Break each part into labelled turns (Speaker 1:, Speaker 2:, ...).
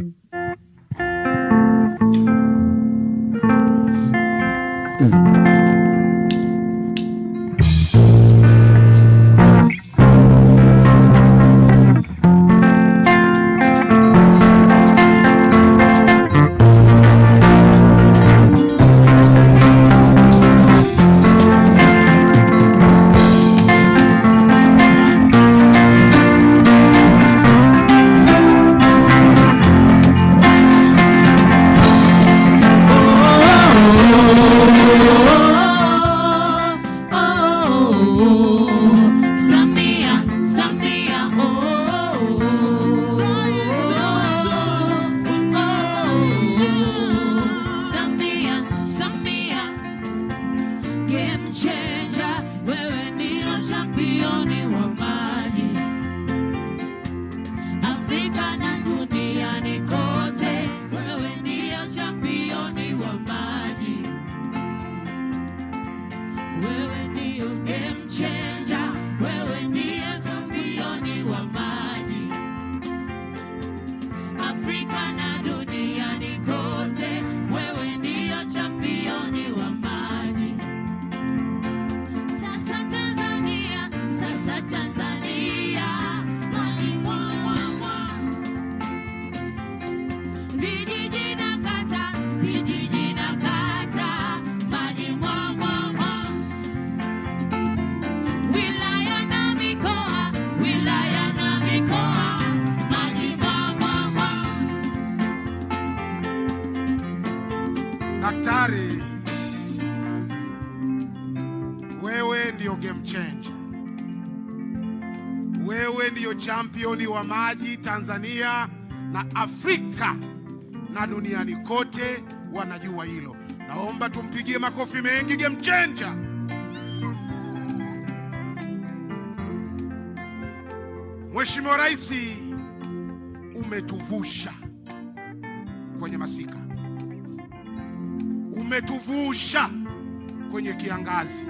Speaker 1: Mm-hmm. ndiyo game changer. Wewe ndiyo championi wa maji Tanzania na Afrika na duniani kote wanajua hilo. Naomba tumpigie makofi mengi game changer. Mheshimiwa Rais, umetuvusha kwenye masika, umetuvusha kwenye kiangazi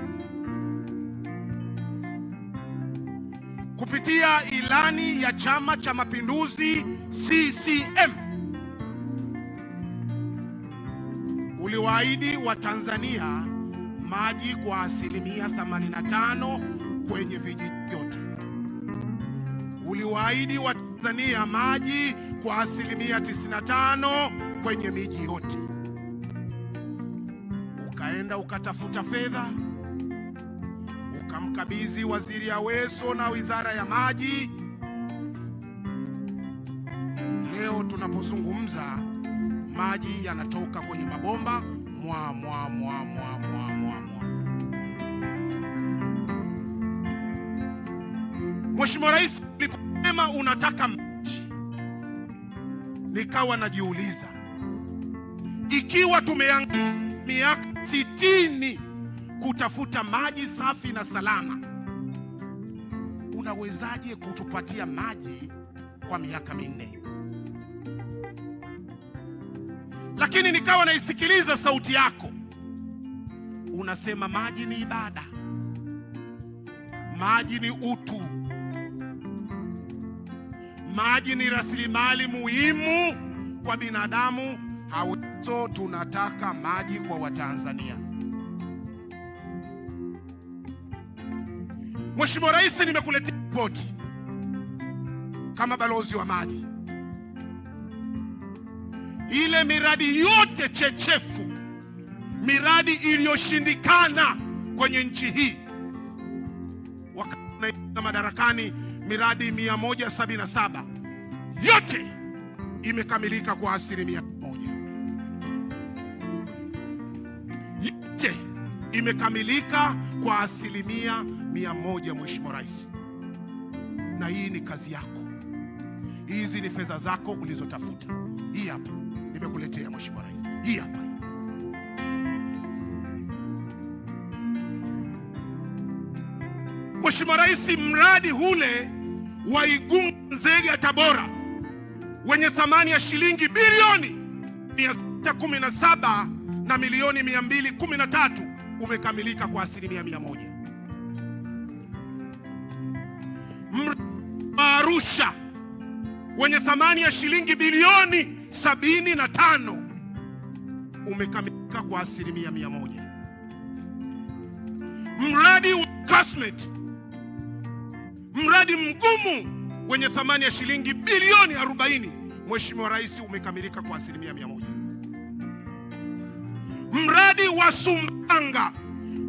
Speaker 1: ndani ya Chama cha Mapinduzi CCM. Uliwaahidi Watanzania maji kwa asilimia 85 kwenye vijiji vyote. Uliwaahidi Watanzania maji kwa asilimia 95 kwenye miji yote. Ukaenda ukatafuta fedha ukamkabidhi Waziri Aweso na Wizara ya Maji. tunapozungumza, maji yanatoka kwenye mabomba mwa mwa mwa mwa mwa mwa mwa. Mheshimiwa Rais aliposema unataka maji, nikawa najiuliza ikiwa tumeangalia miaka sitini kutafuta maji safi na salama, unawezaje kutupatia maji kwa miaka minne? lakini nikawa naisikiliza sauti yako unasema maji ni ibada, maji ni utu, maji ni rasilimali muhimu kwa binadamu hauto. Tunataka maji kwa Watanzania. Mheshimiwa Rais, nimekuletea ripoti kama balozi wa maji ile miradi yote chechefu, miradi iliyoshindikana kwenye nchi hii wakati madarakani, miradi 177 yote imekamilika kwa asilimia moja, yote imekamilika kwa asilimia mia moja, Mheshimiwa Rais. Na hii ni kazi yako, hizi ni fedha zako ulizotafuta, hii hapa nimekuletea Mheshimiwa Rais. Hii hapa Mheshimiwa Rais, mradi ule wa Igunga Nzega Tabora wenye thamani ya shilingi bilioni 617 na milioni 213 umekamilika kwa asilimia mia moja. Arusha wenye thamani ya shilingi bilioni sabini na tano umekamilika kwa asilimia mia moja. Mradi wa Kasmet, mradi mgumu wenye thamani ya shilingi bilioni 40, Mheshimiwa Rais, umekamilika kwa asilimia mia moja. Mradi wa Sumbanga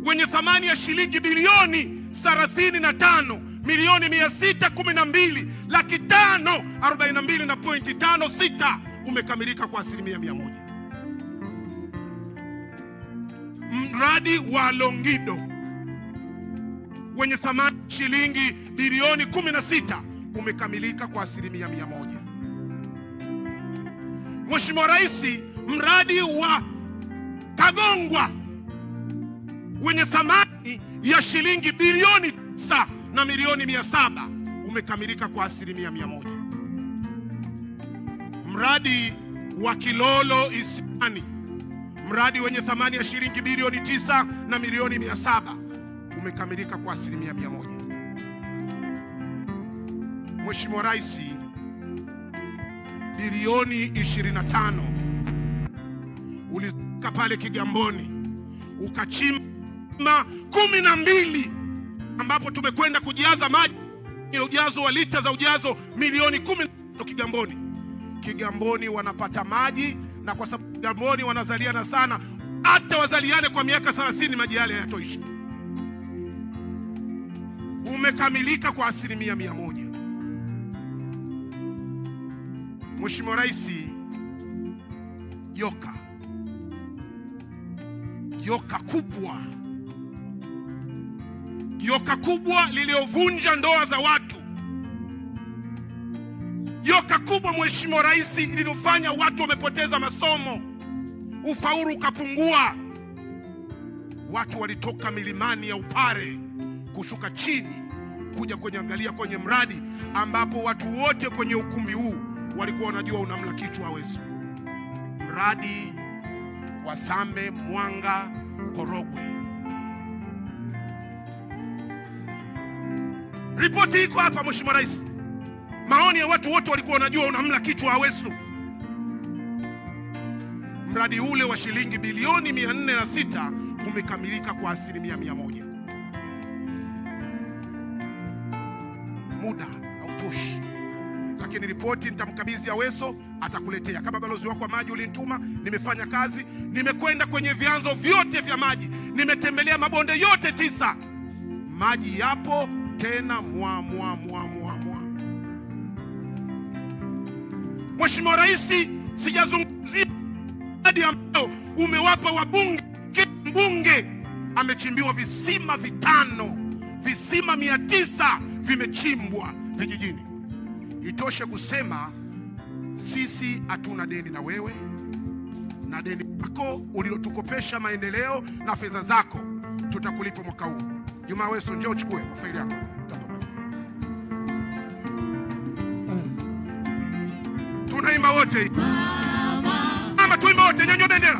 Speaker 1: wenye thamani ya shilingi bilioni 35 milioni 612 laki 5 42 na pointi 56 umekamilika kwa asilimia mia moja. Mradi wa Longido wenye thamani shilingi bilioni 16 umekamilika kwa asilimia mia moja. Mheshimiwa Rais, mradi wa Kagongwa wenye thamani ya shilingi bilioni 9 na milioni saba umekamilika kwa asilimia mia moja mradi wa Kilolo isiani mradi wenye thamani ya shilingi bilioni tisa na milioni mia saba umekamilika kwa asilimia mia moja. Mheshimiwa Rais, bilioni 25 ulika pale Kigamboni ukachimba kumi na mbili ambapo tumekwenda kujaza maji ya ujazo wa lita za ujazo milioni kumi Kigamboni. Kigamboni wanapata maji, na kwa sababu Kigamboni wanazaliana sana, hata wazaliane kwa miaka 30 maji yale hayatoishi. Umekamilika kwa asilimia mia moja. Mheshimiwa Rais, joka joka kubwa joka kubwa liliyovunja ndoa za watu Mheshimiwa Rais lilofanya watu wamepoteza masomo, ufaulu ukapungua, watu walitoka milimani ya Upare kushuka chini kuja kwenye angalia kwenye mradi ambapo watu wote kwenye ukumbi huu walikuwa wanajua unamla kichwa Mradi wa Same Mwanga Korogwe. Ripoti iko hapa Mheshimiwa Rais. Maoni ya watu wote walikuwa wanajua unamla kichwa Awesu. Mradi ule wa shilingi bilioni 406 umekamilika kwa asilimia mia moja. Muda hautoshi, lakini ripoti nitamkabidhi Aweso, atakuletea kama balozi wako wa maji. Ulinituma, nimefanya kazi, nimekwenda kwenye vyanzo vyote vya maji, nimetembelea mabonde yote tisa. Maji yapo tena mwa. Mheshimiwa Rais, sijazungumzia hadi ambayo umewapa wabunge, kila mbunge amechimbiwa visima vitano, visima mia tisa vimechimbwa vijijini. Itoshe kusema sisi hatuna deni na wewe na deni lako ulilotukopesha maendeleo na fedha zako tutakulipa mwaka huu. Juma Weso, njoo uchukue mafaili yako. tunaimba wote, mama, tuimba wote, nyanyua bendera.